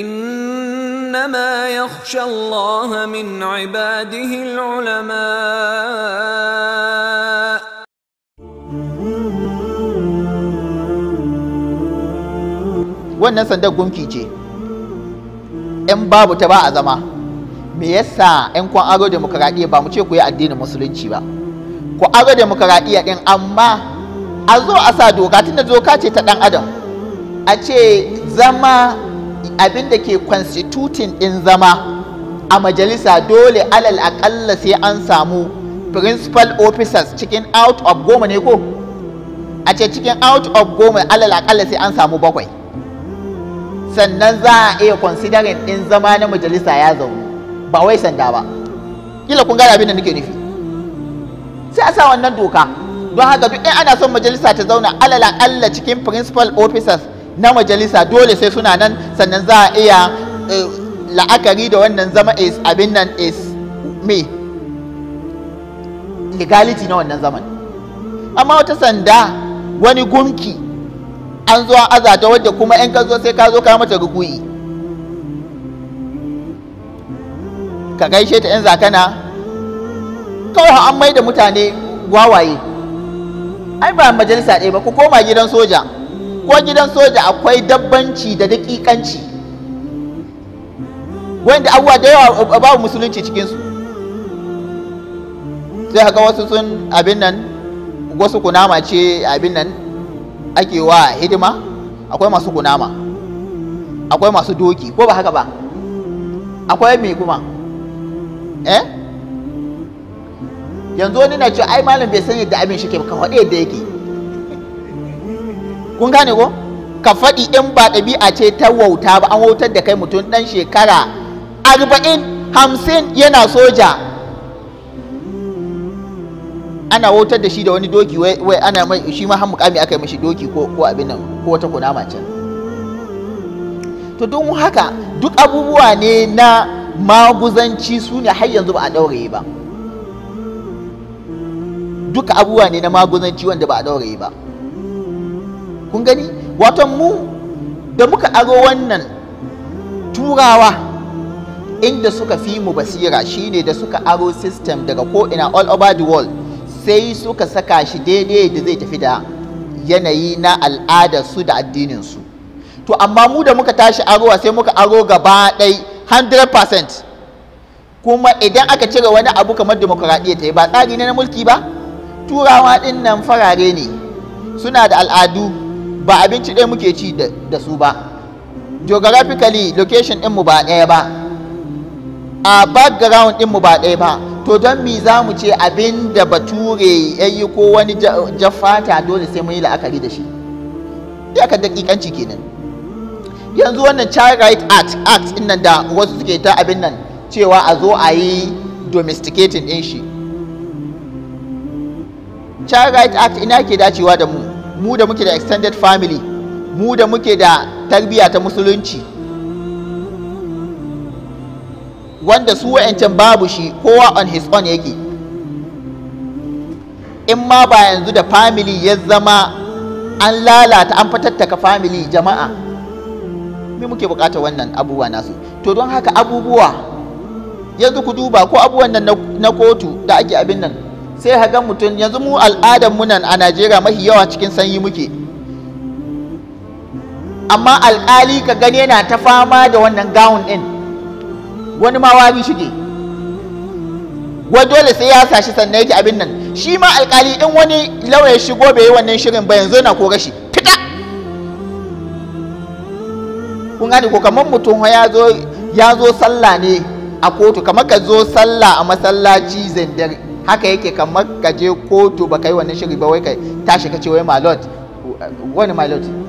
إنما يخشى الله من عباده العلماء wannan sandar gunki ce ‘yan babu ta ba a zama me yasa ‘yan kwan aro demokaradiyya ba mu ce ku yi addinin musulunci ba ku aro demokaradiyya ɗin amma a zo a sa doka tunda doka ce ta ɗan adam a ce zama abin da ke constituting ɗin zama a majalisa dole alal aƙalla sai an samu principal officers cikin out of goma ne ko a ce cikin out of goma alal aƙalla sai an samu bakwai sannan za a iya considering ɗin zama na majalisa ya zaune ba wai sanda ba kila kun gane abin da nake nufi sai a sa wannan doka don haka duk ɗin ana son majalisa ta zauna alal aƙalla cikin principal officers na majalisa dole sai suna nan sannan za a iya eh, la'akari da wannan zama is abin nan is me legality na wannan zaman amma wata sanda wani gunki an zo azata wadda kuma 'yan kazo sai ka zo ka mata rukuyi ka gaishe ta 'yan zakana kawai an mai da mutane wawaye ai ba majalisa ɗaya ba ku koma gidan soja ko gidan soja akwai dabbanci da dakikanci wanda abubuwa da yawa babu musulunci cikinsu sai haka wasu sun abin nan wasu kunama ce abin nan ake wa hidima akwai masu kunama akwai masu doki ko ba haka ba akwai mai kuma eh yanzu wani na ce ai malam bai san yadda abin shi ke kawai yadda yake kun gane ko ka faɗi in ba ɗabi'a ce ta wauta ba an wautar da kai mutum ɗan shekara arba'in hamsin yana soja ana wautar da shi da wani doki wai ana mai shi ma kami aka yi mashi doki ko abin nan ko wata kunama can to don haka duk abubuwa ne na maguzanci su ne har yanzu ba a ɗauraye ba duka abubuwa ne na maguzanci wanda ba a ɗauraye ba kun gani wato mu da muka aro wannan turawa inda suka fi mu basira shine da suka aro system daga ko ina all over the world sai suka saka shi daidai da zai tafi da yanayi na al'ada su da addinin su to amma mu da muka tashi arowa sai muka aro gaba ɗai 100% kuma idan aka cire wani abu kamar demokuraɗiyya ta yi ba tsari ne na mulki ba turawa ɗin nan farare ne suna da al'adu ba abinci ɗaya muke ci da su ba geographically location ɗinmu ba ɗaya ba a background ɗinmu ba ɗaya ba to don mi za mu ce abin da bature ya yi ko wani jaffata dole sai mun yi la'akari da shi iyakar dakikanci kenan yanzu wannan child right act act nan da wasu suke ta abin nan cewa a zo a yi domesticating ɗin shi child right act ina ke dacewa da mu mu da muke da extended family mu da muke da tarbiyya ta musulunci wanda su wa'ancan babu shi kowa on his own yake in ma ba yanzu da family ya zama an lalata an fatattaka family jama'a me muke bukata wannan abubuwa nasu to don haka abubuwa yanzu ku duba ko abubuwan nan na kotu da ake abin nan sai haga mutum yanzu mu al'adar munan a najeriya mafi yawa cikin sanyi muke amma alƙali ka gane yana ta fama da wannan gawun ɗin wani ma wari shige wai dole sai ya sashi sannan yake abin nan shi ma alƙali din wani lauya shigo bai yi wannan shirin ba yanzu na ko rashi fita kun gane ko kamar mutum ya zo ya zo sallah ne a kotu kamar ka zo sallah a masallaci zandare haka yake kamar ka je kotu ba ka yi wannan shiri ba wai ka tashi ka ce wai my wani my